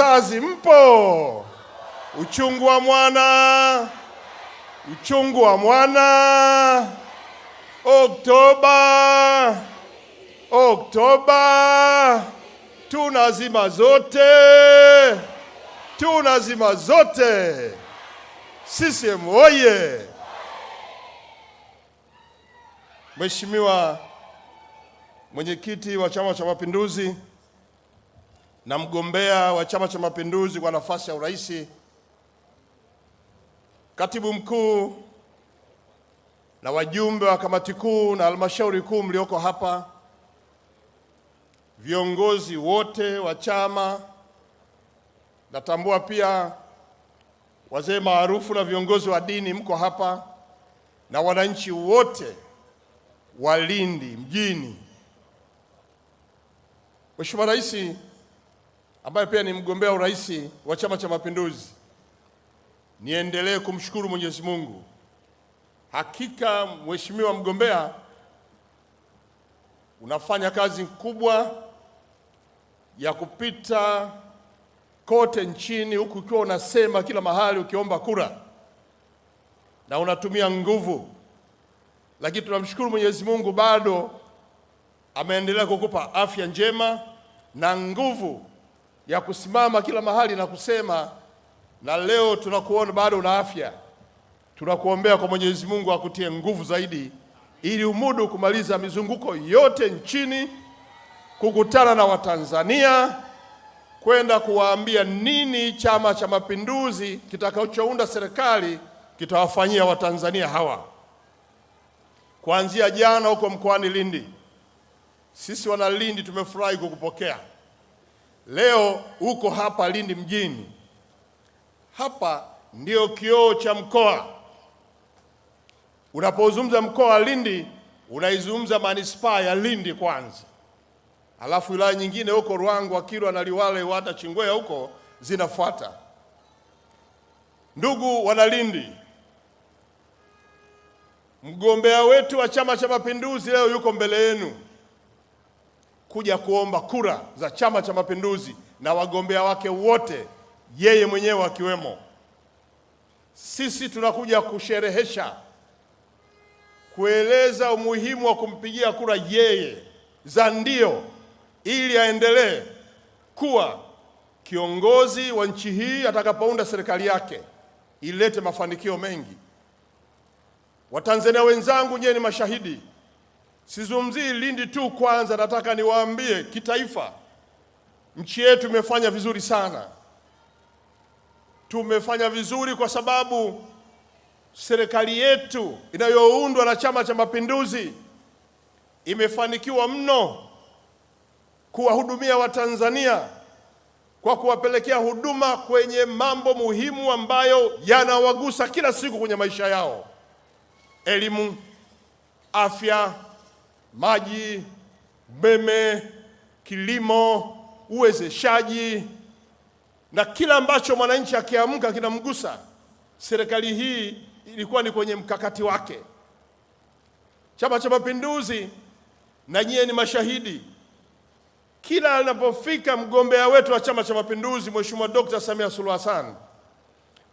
Wazazi mpo? Uchungu wa mwana, uchungu wa mwana. Oktoba, Oktoba tunazima zote, tunazima zote. CCM oye! Mheshimiwa mwenyekiti wa Chama cha Mapinduzi na mgombea wa Chama cha Mapinduzi kwa nafasi ya urais, katibu mkuu na wajumbe wa kamati kuu na halmashauri kuu mlioko hapa, viongozi wote wa chama, natambua pia wazee maarufu na viongozi wa dini mko hapa, na wananchi wote wa Lindi mjini. Mheshimiwa Rais ambaye pia ni mgombea urais wa Chama cha Mapinduzi, niendelee kumshukuru Mwenyezi Mungu. Hakika mheshimiwa mgombea, unafanya kazi kubwa ya kupita kote nchini huku ukiwa unasema kila mahali ukiomba kura na unatumia nguvu, lakini tunamshukuru Mwenyezi Mungu bado ameendelea kukupa afya njema na nguvu ya kusimama kila mahali na kusema, na leo tunakuona bado una afya, tunakuombea kwa Mwenyezi Mungu akutie nguvu zaidi, ili umudu kumaliza mizunguko yote nchini, kukutana na Watanzania, kwenda kuwaambia nini Chama cha Mapinduzi kitakachounda serikali kitawafanyia Watanzania hawa. Kuanzia jana huko mkoani Lindi, sisi wana Lindi tumefurahi kukupokea. Leo uko hapa Lindi mjini, hapa ndio kioo cha mkoa. Unapozungumza mkoa wa Lindi, unaizungumza manispaa ya Lindi kwanza, alafu wilaya nyingine huko Ruangwa, Kilwa na Liwale, hata Chingwea huko zinafuata. Ndugu Wanalindi, mgombea wetu wa Chama cha Mapinduzi leo yuko mbele yenu kuja kuomba kura za Chama cha Mapinduzi na wagombea wake wote, yeye mwenyewe akiwemo. Sisi tunakuja kusherehesha, kueleza umuhimu wa kumpigia kura yeye za ndio, ili aendelee kuwa kiongozi wa nchi hii atakapounda serikali yake ilete mafanikio mengi. Watanzania wenzangu, nyewe ni mashahidi. Sizungumzii Lindi tu. Kwanza nataka niwaambie kitaifa, nchi yetu imefanya vizuri sana. Tumefanya vizuri kwa sababu serikali yetu inayoundwa na Chama cha Mapinduzi imefanikiwa mno kuwahudumia Watanzania kwa kuwapelekea huduma kwenye mambo muhimu ambayo yanawagusa kila siku kwenye maisha yao: elimu, afya maji, umeme, kilimo, uwezeshaji na kila ambacho mwananchi akiamka kinamgusa. Serikali hii ilikuwa ni kwenye mkakati wake. Chama cha Mapinduzi, na nyie ni mashahidi, kila anapofika mgombea wetu wa Chama cha Mapinduzi, Mheshimiwa Dkt. Samia Suluhu Hassan,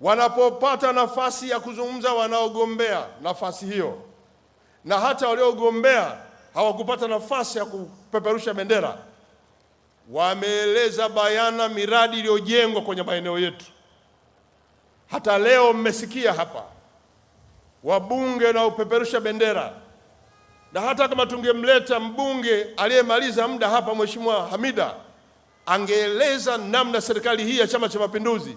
wanapopata nafasi ya kuzungumza wanaogombea nafasi hiyo na hata waliogombea hawakupata nafasi ya kupeperusha bendera, wameeleza bayana miradi iliyojengwa kwenye maeneo yetu. Hata leo mmesikia hapa wabunge wanaopeperusha bendera, na hata kama tungemleta mbunge aliyemaliza muda hapa, Mheshimiwa Hamida angeeleza namna serikali hii ya Chama cha Mapinduzi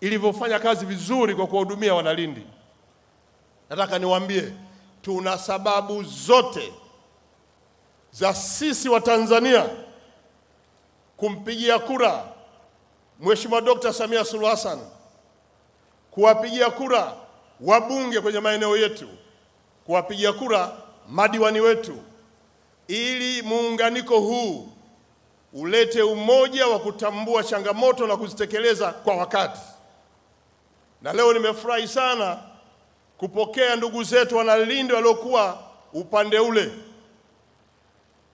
ilivyofanya kazi vizuri kwa kuwahudumia Wanalindi. Nataka niwaambie tuna sababu zote za sisi wa Tanzania kumpigia kura Mheshimiwa Dkt. Samia Suluhu Hassan, kuwapigia kura wabunge kwenye maeneo yetu, kuwapigia kura madiwani wetu, ili muunganiko huu ulete umoja wa kutambua changamoto na kuzitekeleza kwa wakati. Na leo nimefurahi sana kupokea ndugu zetu lindi waliokuwa upande ule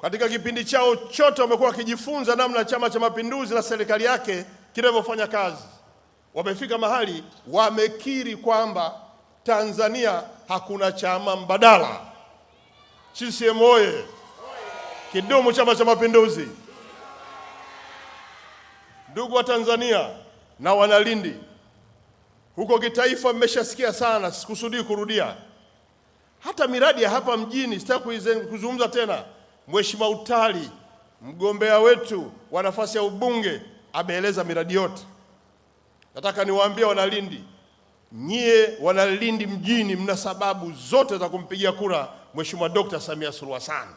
katika kipindi chao chote wamekuwa wakijifunza namna Chama cha Mapinduzi na serikali yake kinavyofanya kazi. Wamefika mahali wamekiri kwamba Tanzania hakuna chama mbadala. CCM oye! Kidumu Chama cha Mapinduzi! Ndugu wa Tanzania na wanalindi, huko kitaifa mmeshasikia sana, sikusudii kurudia. Hata miradi ya hapa mjini sitaki kuzungumza tena. Mheshimiwa Utali, mgombea wetu wa nafasi ya ubunge, ameeleza miradi yote. Nataka niwaambie wanalindi, nyie wanalindi mjini, mna sababu zote za kumpigia kura Mheshimiwa Dkt. Samia Suluhu Hassan.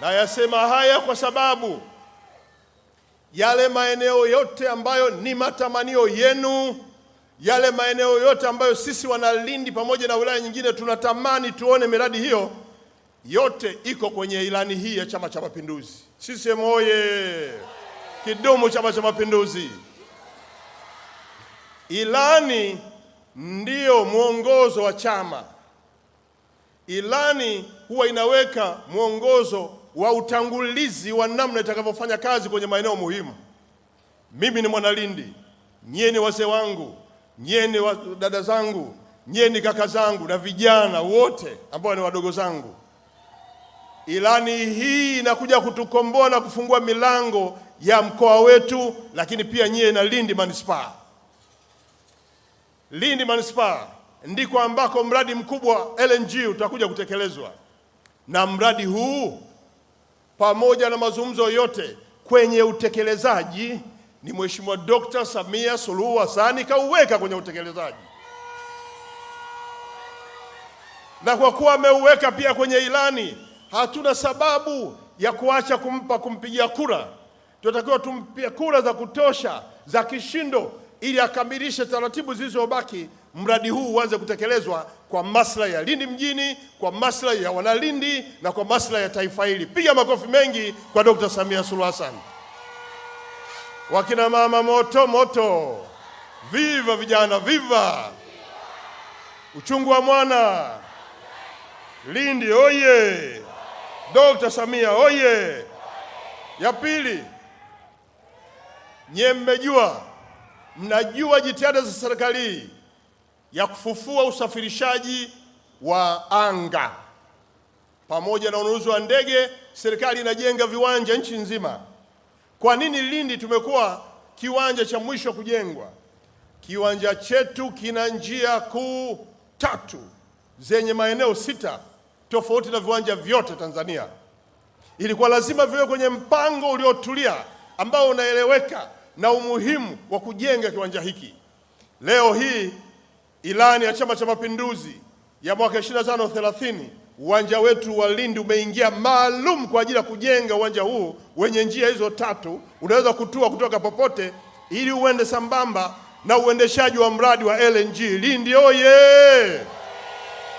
Nayasema haya kwa sababu yale maeneo yote ambayo ni matamanio yenu yale maeneo yote ambayo sisi wanalindi pamoja na wilaya nyingine tunatamani tuone miradi hiyo yote iko kwenye ilani hii ya Chama cha Mapinduzi. CCM oye! Kidumu Chama cha Mapinduzi! Ilani ndiyo mwongozo wa chama. Ilani huwa inaweka mwongozo wa utangulizi wa namna itakavyofanya kazi kwenye maeneo muhimu. Mimi ni Mwanalindi, nyie ni wazee wangu nyie wa dada zangu, nyie ni kaka zangu na vijana wote ambao ni wadogo zangu. Ilani hii inakuja kutukomboa na kufungua milango ya mkoa wetu, lakini pia nyie na Lindi manispaa. Lindi manispaa ndiko ambako mradi mkubwa LNG utakuja kutekelezwa, na mradi huu pamoja na mazungumzo yote kwenye utekelezaji ni Mheshimiwa Dkt. Samia Suluhu Hassan kauweka kwenye utekelezaji, na kwa kuwa ameuweka pia kwenye ilani, hatuna sababu ya kuacha kumpa kumpigia kura. Tunatakiwa tumpie kura za kutosha za kishindo, ili akamilishe taratibu zilizobaki, mradi huu uanze kutekelezwa kwa maslahi ya Lindi mjini, kwa maslahi ya Wanalindi na kwa maslahi ya taifa hili. Piga makofi mengi kwa Dkt. Samia Suluhu Hassan. Wakina mama moto moto, viva vijana, viva uchungu wa mwana. Lindi oye! Dr. Samia oye! Ya pili, nyie mmejua, mnajua jitihada za serikali ya kufufua usafirishaji wa anga pamoja na ununuzi wa ndege. Serikali inajenga viwanja nchi nzima. Kwa nini Lindi tumekuwa kiwanja cha mwisho kujengwa? Kiwanja chetu kina njia kuu tatu zenye maeneo sita tofauti na viwanja vyote Tanzania. Ilikuwa lazima viwe kwenye mpango uliotulia ambao unaeleweka na umuhimu wa kujenga kiwanja hiki. Leo hii ilani ya Chama cha Mapinduzi ya mwaka 25 30 uwanja wetu wa Lindi umeingia maalum kwa ajili ya kujenga uwanja huu wenye njia hizo tatu, unaweza kutua kutoka popote, ili uende sambamba na uendeshaji wa mradi wa LNG Lindi oye!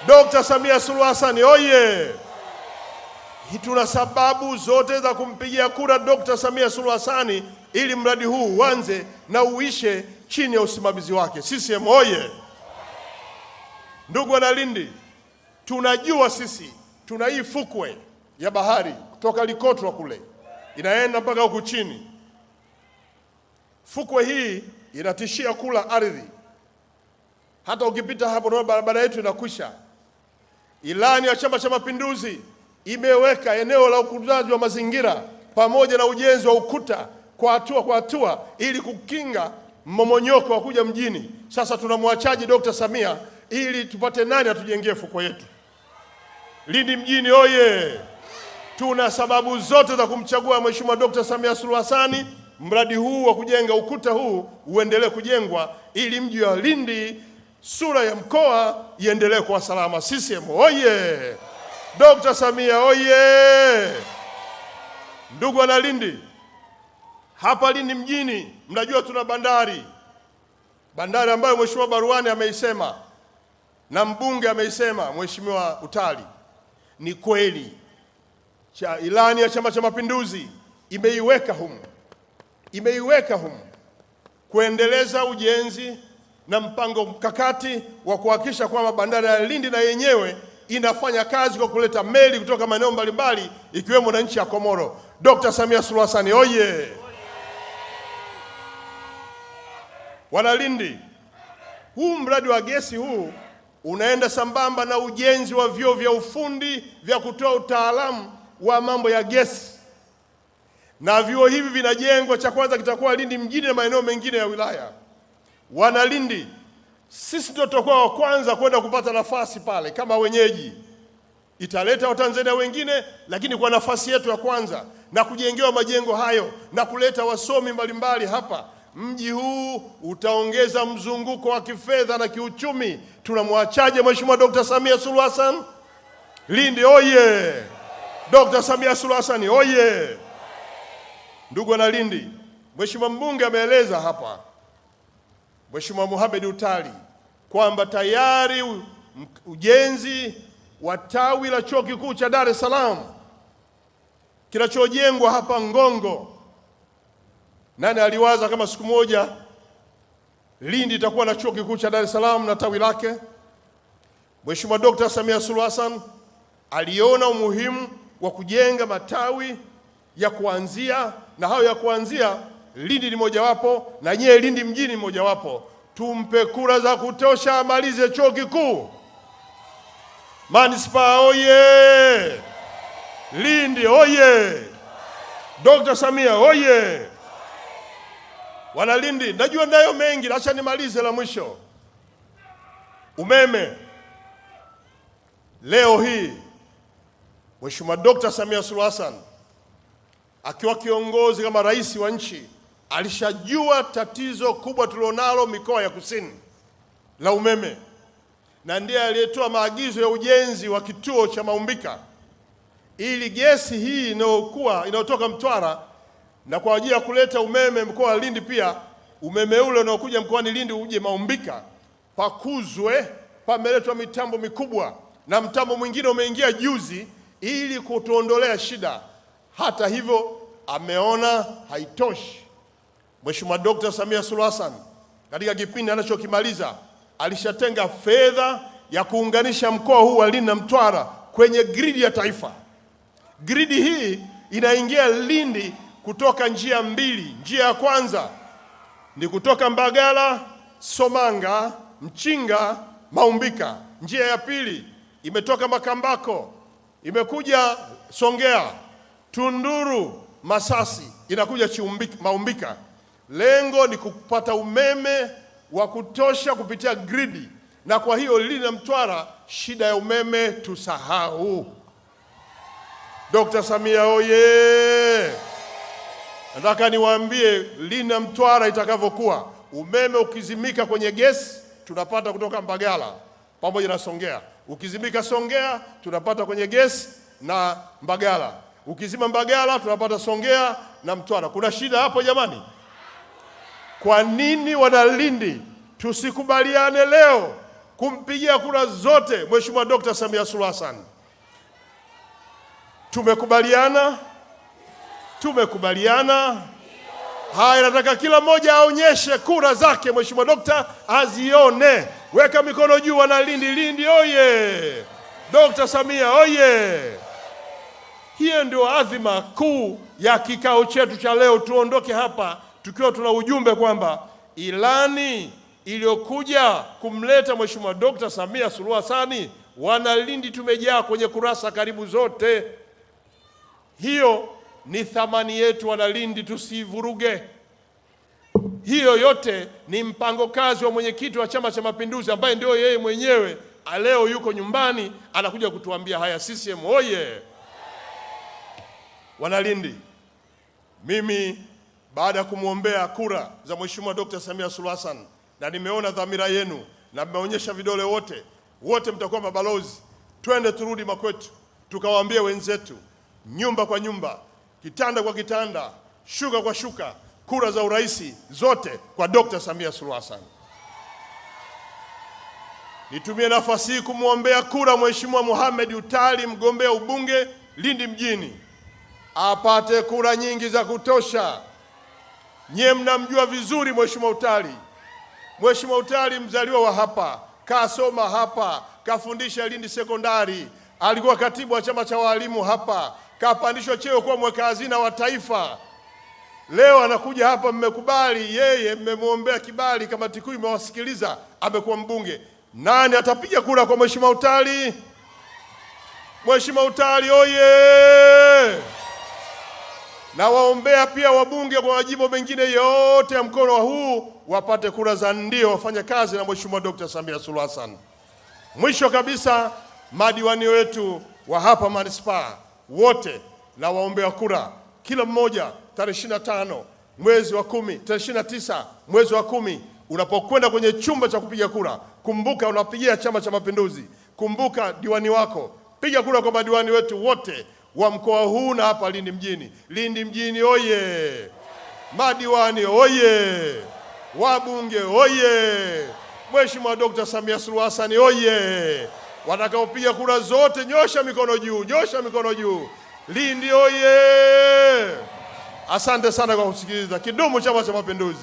Dr. Samia Suluhu Hassan oye! Tuna sababu zote za kumpigia kura Dr. Samia Suluhu Hassan ili mradi huu uanze na uishe chini ya usimamizi wake. CCM oye! Ndugu wana Lindi tunajua sisi tuna hii fukwe ya bahari kutoka Likotwa kule inaenda mpaka huku chini. Fukwe hii inatishia kula ardhi, hata ukipita hapo na barabara yetu inakwisha. Ilani ya Chama cha Mapinduzi imeweka eneo la ukutaji wa mazingira pamoja na ujenzi wa ukuta kwa hatua kwa hatua, ili kukinga mmomonyoko wa kuja mjini. Sasa tunamwachaji Dr. Samia ili tupate nani atujengee fukwe yetu. Lindi mjini oye! Tuna sababu zote za kumchagua Mheshimiwa Dr. Samia Suluhu Hassan. Mradi huu wa kujenga ukuta huu uendelee kujengwa ili mji wa Lindi, sura ya mkoa iendelee kuwa salama. CCM oye! Dr. Samia oye! Ndugu wana Lindi, hapa Lindi mjini mnajua tuna bandari, bandari ambayo Mheshimiwa Baruani ameisema na mbunge ameisema Mheshimiwa Utali ni kweli cha ilani ya Chama cha Mapinduzi imeiweka humu, imeiweka humu kuendeleza ujenzi na mpango mkakati wa kuhakikisha kwamba bandari ya Lindi na yenyewe inafanya kazi kwa kuleta meli kutoka maeneo mbalimbali ikiwemo na nchi ya Komoro. Dr. Samia Suluhu Hassan oye! Wanalindi, huu mradi wa gesi huu unaenda sambamba na ujenzi wa vyuo vya ufundi vya kutoa utaalamu wa mambo ya gesi, na vyuo hivi vinajengwa. Cha kwanza kitakuwa Lindi mjini na maeneo mengine ya wilaya. Wana Lindi, sisi ndio tutakuwa wa kwanza kwenda kupata nafasi pale kama wenyeji. Italeta Watanzania wengine, lakini kwa nafasi yetu ya kwanza, na kujengewa majengo hayo na kuleta wasomi mbalimbali hapa mji huu utaongeza mzunguko wa kifedha na kiuchumi. Tunamwachaje Mheshimiwa Dr. Samia Suluhu Hassan? Lindi oye! Dr. Samia Suluhu Hassan oye! Ndugu wana Lindi, Mheshimiwa mbunge ameeleza hapa, Mheshimiwa Mohamed Utali kwamba tayari ujenzi wa tawi la chuo kikuu cha Dar es Salaam kinachojengwa hapa Ngongo nani aliwaza kama siku moja Lindi itakuwa na chuo kikuu cha Dar es Salaam na tawi lake? Mheshimiwa Dkt. Samia Suluhu Hassan aliona umuhimu wa kujenga matawi ya kuanzia, na hayo ya kuanzia Lindi ni mojawapo, na nyewe Lindi mjini ni mojawapo. Tumpe kura za kutosha, amalize chuo kikuu. Manispaa oye! Lindi oye! Dkt. Samia oye! Wana Lindi, najua nayo mengi, acha nimalize la mwisho. Umeme leo hii Mheshimiwa Dkt. Samia Suluhu Hassan akiwa kiongozi kama rais wa nchi alishajua tatizo kubwa tulionalo mikoa ya kusini la umeme, na ndiye aliyetoa maagizo ya ujenzi wa kituo cha Maumbika ili gesi hii inayokuwa inayotoka Mtwara na kwa ajili ya kuleta umeme mkoa wa Lindi. Pia umeme ule unaokuja mkoani Lindi uje Maumbika, pakuzwe, pameletwa mitambo mikubwa na mtambo mwingine umeingia juzi ili kutuondolea shida. Hata hivyo, ameona haitoshi. Mheshimiwa Dkt. Samia Suluhu Hassan katika kipindi anachokimaliza alishatenga fedha ya kuunganisha mkoa huu wa Lindi na Mtwara kwenye gridi ya taifa. Gridi hii inaingia Lindi kutoka njia mbili. Njia ya kwanza ni kutoka Mbagala, Somanga, Mchinga, Maumbika. Njia ya pili imetoka Makambako, imekuja Songea, Tunduru, Masasi, inakuja Chiumbika, Maumbika. Lengo ni kupata umeme wa kutosha kupitia gridi, na kwa hiyo Lindi na Mtwara, shida ya umeme tusahau. Dr. Samia oye! Nataka niwaambie lina Mtwara itakavyokuwa. Umeme ukizimika kwenye gesi tunapata kutoka Mbagala pamoja na Songea. Ukizimika Songea tunapata kwenye gesi na Mbagala. Ukizima Mbagala tunapata Songea na Mtwara. Kuna shida hapo jamani? Kwa nini wanalindi tusikubaliane leo kumpigia kura zote Mheshimiwa Dr. Samia Suluhu Hassan? Tumekubaliana Tumekubaliana? Haya, nataka kila mmoja aonyeshe kura zake. Mheshimiwa Dokta azione, weka mikono juu. Wana Lindi, Lindi oye! Dokta Samia oye! Hiyo ndio adhima kuu ya kikao chetu cha leo. Tuondoke hapa tukiwa tuna ujumbe kwamba ilani iliyokuja kumleta Mheshimiwa Dokta Samia Suluhu Hassan, wana Lindi tumejaa kwenye kurasa karibu zote. Hiyo ni thamani yetu, Wanalindi, tusivuruge. Hiyo yote ni mpango kazi wa mwenyekiti wa Chama cha Mapinduzi ambaye ndio yeye mwenyewe leo yuko nyumbani anakuja kutuambia haya. CCM oye! Wanalindi, mimi baada ya kumwombea kura za Mheshimiwa Dr. Samia Suluhu Hassan na nimeona dhamira yenu na mmeonyesha vidole wote wote, mtakuwa mabalozi. Twende turudi makwetu, tukawaambie wenzetu nyumba kwa nyumba kitanda kwa kitanda, shuka kwa shuka, kura za urais zote kwa Dr. Samia Suluhu Hassan. Nitumie nafasi hii kumwombea kura Mheshimiwa Mohamed Utali, mgombea ubunge Lindi mjini, apate kura nyingi za kutosha. Nyie mnamjua vizuri Mheshimiwa Utali. Mheshimiwa Utali mzaliwa wa hapa, kasoma hapa, kafundisha Lindi sekondari, alikuwa katibu wa chama cha walimu hapa kapandishwa cheo kuwa mweka hazina wa taifa. Leo anakuja hapa, mmekubali yeye, mmemwombea kibali, kamati kuu imewasikiliza, amekuwa mbunge. Nani atapiga kura kwa mheshimiwa Utali? Mheshimiwa Utali oye! Na waombea pia wabunge kwa majimbo mengine yote ya mkono wa huu wapate kura za ndio, wafanye kazi na mheshimiwa Dkt. Samia Suluhu Hassan. Mwisho kabisa, madiwani wetu wa hapa manispaa wote na waombea kura, kila mmoja tarehe 25 mwezi wa kumi, tarehe 29 mwezi wa kumi, unapokwenda kwenye chumba cha kupiga kura, kumbuka unapigia Chama cha Mapinduzi, kumbuka diwani wako, piga kura kwa madiwani wetu wote wa mkoa huu na hapa Lindi mjini. Lindi mjini oye! Madiwani oye! Wabunge oye! Mheshimiwa Dkt. Samia Suluhu Hassan oye! Watakaopiga kura zote, nyosha mikono juu, nyosha mikono juu. Lindi oye! Asante sana kwa kusikiliza. Kidumu Chama cha Mapinduzi!